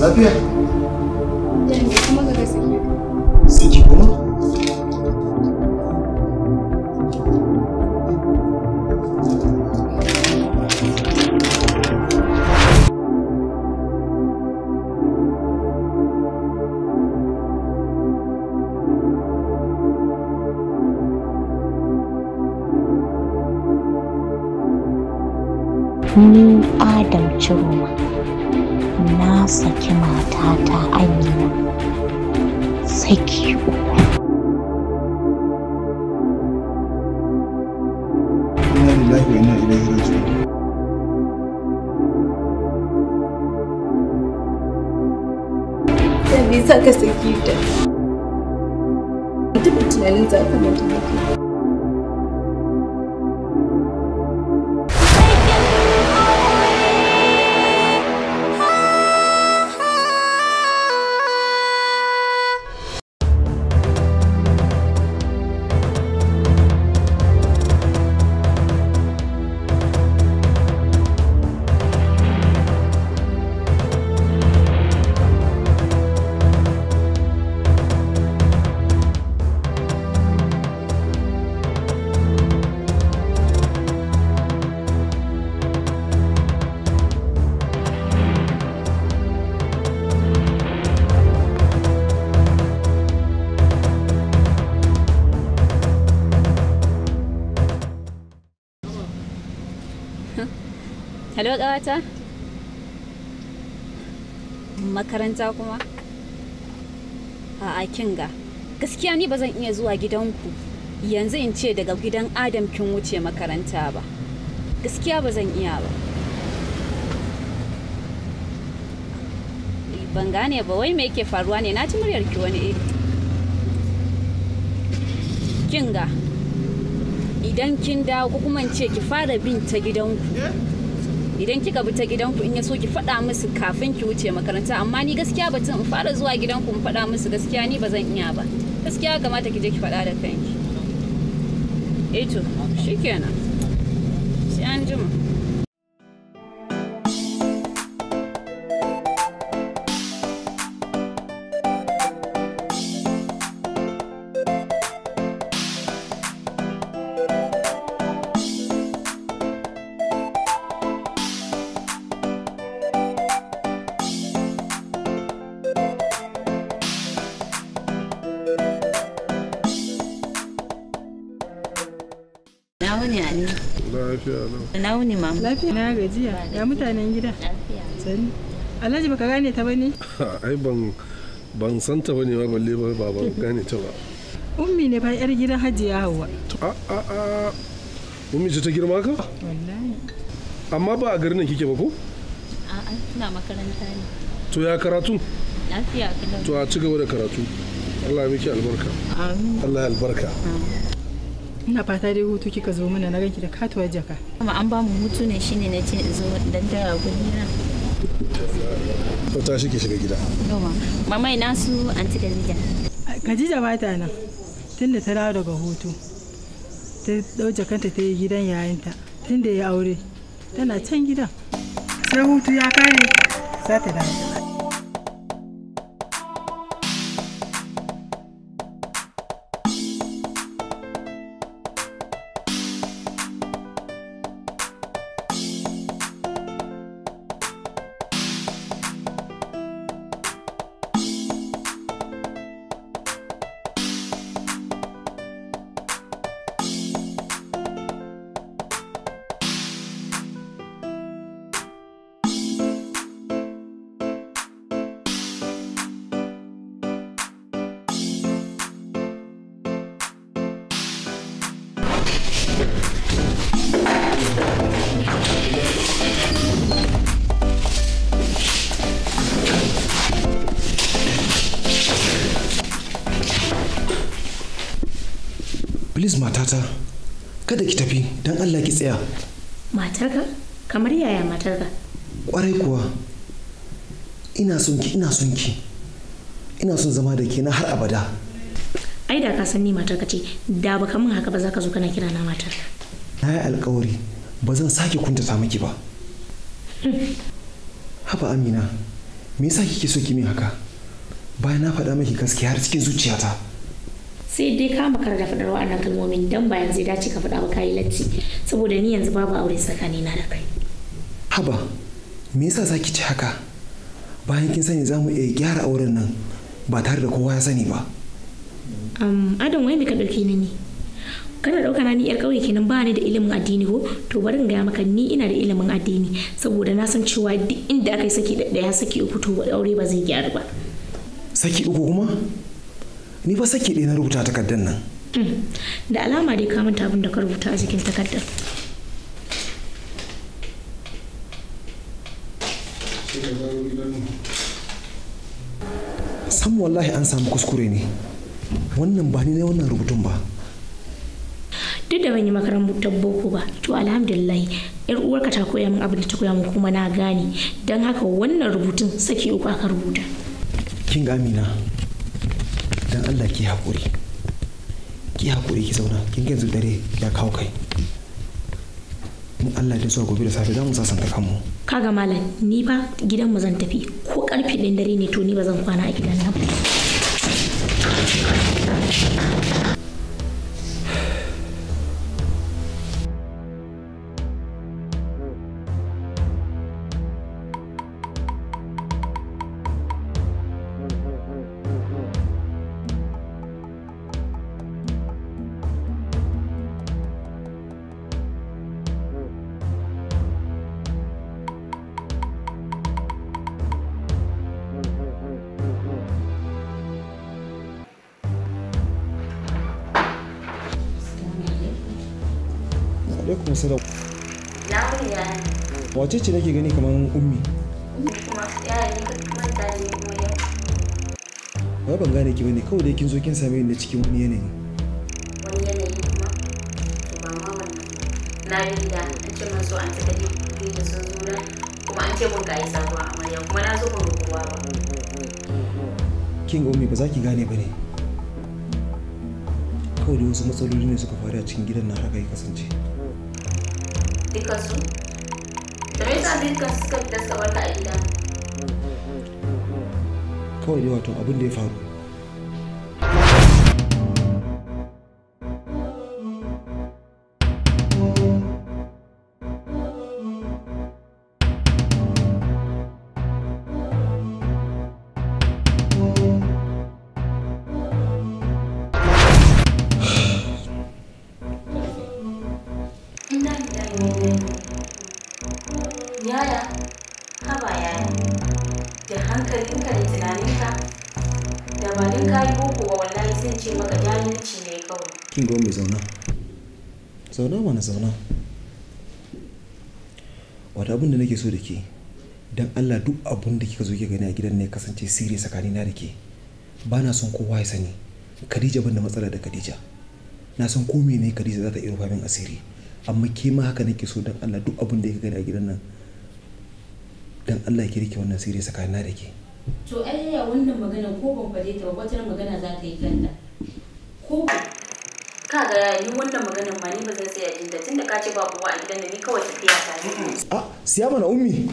lafiya? Yanzu kuma kuma? ni Adam Chiroma na saki matata amina saki uku Ina inna lillahi wa inna ilaihi raji'un Sabisa ka saki ta. Mutum tunanin za ka mutu Hello ƙawata? Makaranta kuma? A'a kin Gaskiya ni ba zan iya zuwa gidanku yanzu in ce daga gidan Adam kin wuce makaranta ba. Gaskiya ba zan iya ba. Ban gane ba wai me yake faruwa ne na ci muryar ki wani iri. Kinga Idan kin dawo ko kuma in ce ki fara bin ta gidanku. idan kika bi ta gidanku in ya so ki faɗa musu kafin ki wuce makaranta amma ni gaskiya batun in fara zuwa gidanku in faɗa musu gaskiya ni ba zan iya ba gaskiya kamata ki je ki faɗa da kanki eh to shikenan sai an jima ne a ne. Lafiya lau. Na wuni ma Lafiya na gajiya. Ya mutanen gida. Lafiya. Sani. Alhaji baka gane ta bane? Ai ban ban san ta bane ba balle ba ba ban gane ta ba. Ummi ne ba yar gidan Hajiya Hauwa. A a a. Ummi ce ta girma ka? Wallahi. Amma ba a garin nan kike ba ko? a a ina makaranta ne. To ya karatu? Lafiya kalau. To a ci gaba da karatu. Allah ya miki albarka. Amin. Allah ya albarka. Amin. ina fata dai hutu kika zo mana na ranki da katuwar jaka amma an ba mu hutu ne shine na ce in zo dan da guri na ta shi ke shiga gida noma mama ina su anti Khadija Khadija ba ta nan tunda ta dawo daga hutu ta dau jakanta ta yi gidan yayinta tunda ya aure tana can gidan sai hutu ya kare za ta dawo please matata kada ki tafi don allah ki tsaya matarka kamar yaya matarka kwarai kuwa ina son ki ina son ki ina son zama da ke na har abada ai da ka san ni matarka ce da baka min haka ba za ka zo kana kira na matar na yi alkawari ba zan sake kuntata miki ba haba amina me yasa kike so ki min haka bayan na faɗa miki gaskiya har cikin zuciyata sai dai ka makara da faɗar wa'annan kalmomin dan ba yanzu dace ka faɗa ba kayi latti saboda ni yanzu babu aure tsakanina da kai haba me yasa zaki ci haka bayan kin sani za mu iya gyara auren nan ba tare da kowa ya sani ba um, adam wai me ka ɗauki ni ne kana ɗauka na ni yar ƙauye kenan ba ni da ilimin addini ko to bari in gaya maka ni ina da ilimin addini saboda na san cewa duk inda aka yi saki ɗaya saki uku to aure ba zai gyaru ba saki uku kuma ni ba sake ɗaya na rubuta takardar nan hmm. da alama dai ka manta abin da ka rubuta a cikin takardar Sam wallahi an samu kuskure ne wannan ba ni na wannan rubutun ba duk da ban yi makarantar boko ba to alhamdulillah yar uwarka ta koya min abin da ta koya min kuma na gane don haka wannan rubutun saki uku aka rubuta kin ga amina Allah ki haƙuri ki haƙuri ki zauna kin yanzu dare ya kawo kai mu Allah da zuwa gobe da safe za mu sasanta kanmu kaga malam ni ba gidan mu zan tafi ko karfe ɗin dare ne to ni ba zan kwana a gidan na ba. alaikum salam na mun ya wace ce nake gani kamar ummi kuma ya yi kuma ta ne kuma yau ban gane ki bane kawai dai kin zo kin same ni cikin wani yanayi wani yanayi kuma to ba ma wannan na yi da an ce mun so an ta kadi ku da sun zo na kuma an ce mun ga isa ruwa amarya kuma na zo ban rubuwa ba kin ga ummi ba za ki gane ba ne kawai da wasu matsaloli ne suka faru a cikin gidan nan haka ya kasance dukansu da me yasa dukansu suka fita suka barka a gida kawai dai wato abin da ya faru kin ga mai zauna zauna mana zauna wata abin da nake so da ke don allah duk abin da kika zo kika gani a gidan ne kasance sirri na da ke ba na son kowa ya sani khadija ban da matsala da khadija na san ko ne khadija za ta iya rufafin asiri amma ke ma haka nake so don allah duk abin da kika gani a gidan nan don allah ki rike wannan sirri na da ke to ai wannan magana ko ban faɗe ta ba wata magana za ta yi kanta kaga yayin wannan maganin ma ni ba zan tsaya jinta tunda ka ce ba kowa a gidan da ni kawai tafiya ta ah siya mana ummi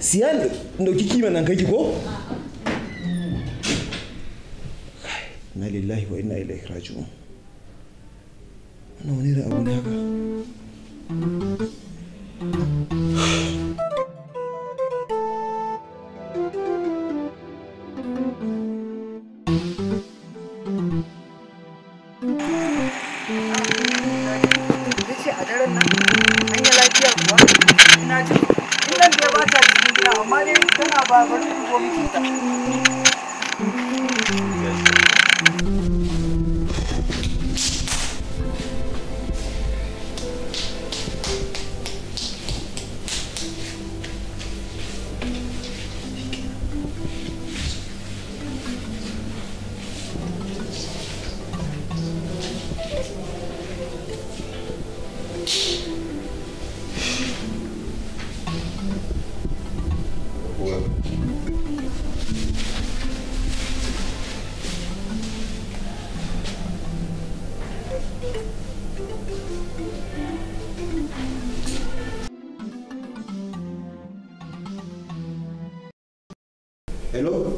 siya dauki kiman nan kai ko na lillahi wa inna ilaihi raji'un wannan wani abu ne haka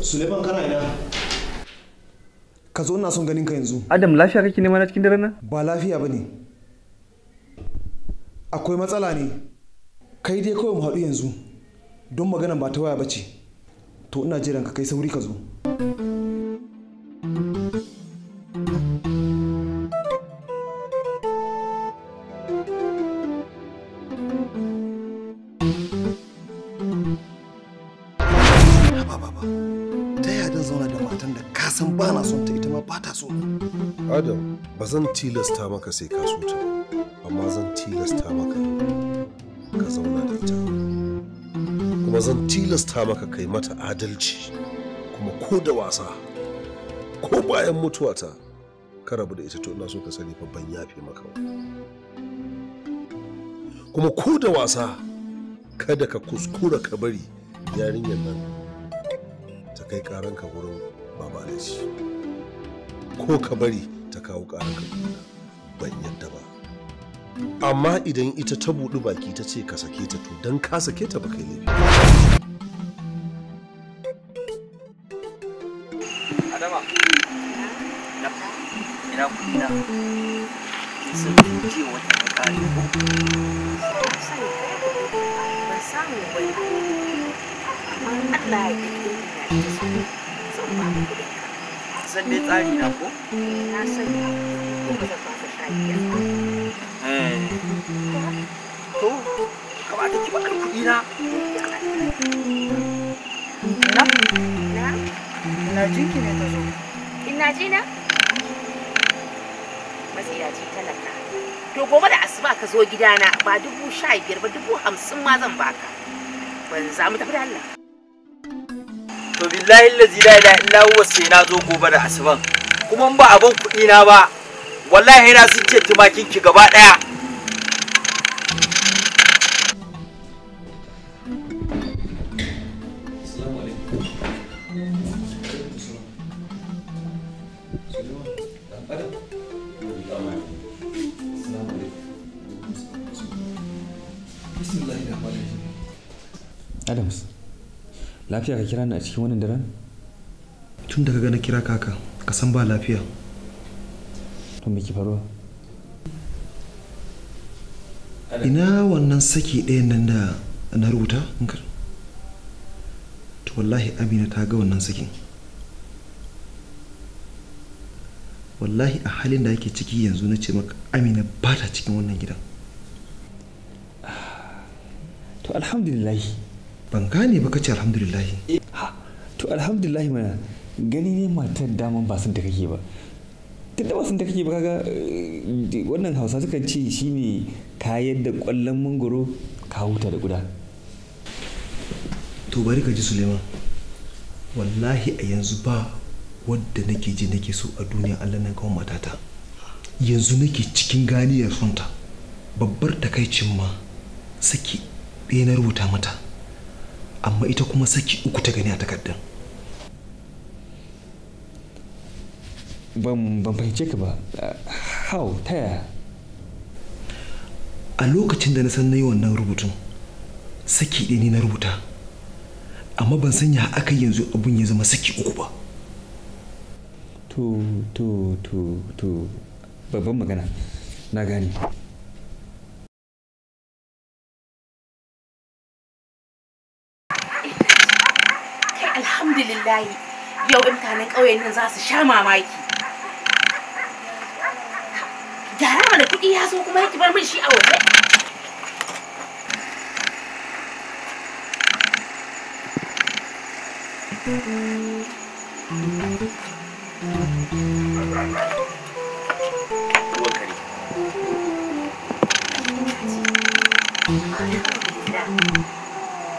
Suleiman kana ina? Ka zo ina son ganin ka yanzu. Adam lafiya kake nema na cikin daren nan? Ba lafiya bane. Akwai matsala ne. Kai dai kawai mu haɗu yanzu. Don magana ba ta waya bace. To ina jiran ka kai sauri ka zo. thank you adam ba zan tilasta maka sai ka so amma zan tilasta maka ka zauna da ita kuma zan tilasta maka kai mata adalci kuma ko da wasa ko bayan mutuwata ka rabu da ita to ina so ka sani fa ban yafe maka kuma ko da wasa kada ka kuskura ka bari yarinyar nan ta kai karanka wurin baba da ko ka bari ta kawo ƙarar kaduna ban yadda ba amma idan ita ta buɗi baki ta ce ka sake ta to don ka sake ta ba kai laifi adama ina kuɗina sun je wata ƙari ko ban samu ba amma Allah ya ƙi ina da su zan ba kuɗin san dai tsari na ko? Na kuma zan ba ka eh. shayi To, kamata ki bakar kuɗi na. Na? Na? Ina ne ta zo. Ina ji na? talaka. To gobe da asuba ka zo gidana ba dubu sha biyar ba dubu hamsin ma zan baka. Ban za tafi da Allah. to billahi allazi la ilaha illa huwa sai na zo gobe da asuban kuma ba abin kuɗi na ba wallahi na sun ce tumakin ki gaba daya Adams. lafiya ka kira ni a cikin wannan daren tun da ka na kira kaka ka san ba lafiya to me ki faruwa ina wannan saki ɗayan nan da na rubuta to wallahi amina ta ga wannan sakin wallahi a halin da ake ciki yanzu na ce maka amina ba ta cikin wannan gidan to alhamdulillah ban gane ba kace alhamdulillahi ha to alhamdulillahi mana gani ne matar daman ba sun da kake ba tun da ba sun da kake ba kaga eh, wannan hausa suka ce shine kayan da kwallon mangoro ka huta da guda to bari ka ji suleiman wallahi a yanzu ba wadda nake ji nake so a duniya allah nan kawo matata yanzu nake cikin ganiyar sunta babbar takaicin ma saki ɗaya na rubuta mata amma ita kuma saki uku ta gani a takardar ban fahimce ka ba hau ta yaya a lokacin da na san na yi wannan rubutun saki ɗaya ne na rubuta amma ban sanya aka yanzu abun ya zama saki uku ba to to to to babban magana na gane yau in mutanen ƙauyen nan za su sha mamaki gyara da kuɗi ya zo kuma yake bar min shi a waje Thank you.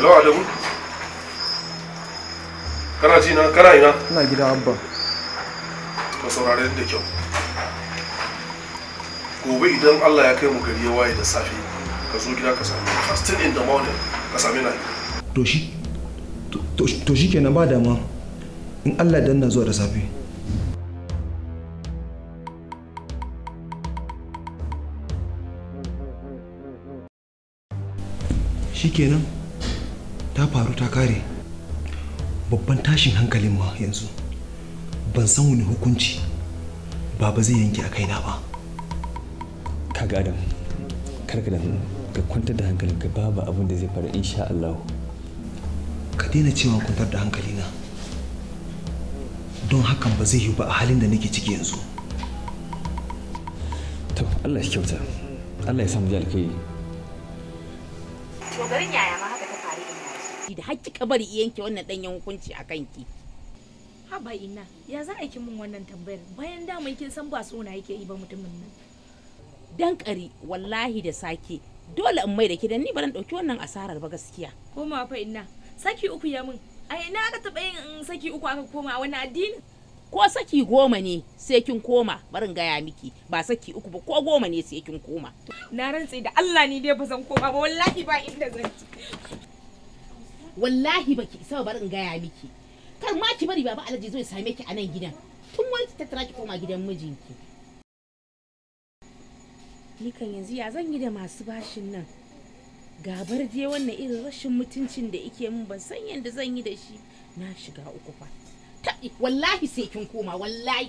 hello adamu kana ji na kana ina ina gida abba ka saurare da kyau gobe idan allah ya kai mu gari ya waye da safe ka zo gida ka same ka in the morning ka same na to shi to shi kenan ba dama in allah dan na zuwa da safe shi kenan ta faru ta kare babban tashin hankalin ma yanzu ban san wani hukunci baba zai yanke a kaina ba kaga adam karka da ka kwantar da hankalinka babu abin da zai faru insha Allah ka daina cewa kwantar da hankalina don hakan ba zai yi ba a halin da nake ciki yanzu to Allah ya kyauta Allah ya samu jalkai hukunci da har kika bari yanke wannan ɗanyen hukunci a kanki haba ina ya za a min wannan tambayar bayan daman kin san ba sona yake yi ba mutumin nan dan kari wallahi da sake dole in mai da kidan ni baran ɗauki wannan asarar ba gaskiya koma fa ina saki uku ya min a ina aka taɓa yin mm, saki uku aka koma a wani addini ko saki goma ne sai kin koma barin gaya miki ba saki uku ba ko goma ne sai kin koma na rantse da Allah ni dai ba zan koma ba wallahi ba inda zan ci wallahi baki isa ba in gaya miki kar ma ki bari baba alhaji zai same ki a nan gidan tun wani ki tattara ki koma gidan mijinki ni kan yanzu ya zan yi da masu bashin nan gabar je wannan irin rashin mutuncin da ike min ban san yadda zan yi da shi na shiga uku fa wallahi sai kin koma wallahi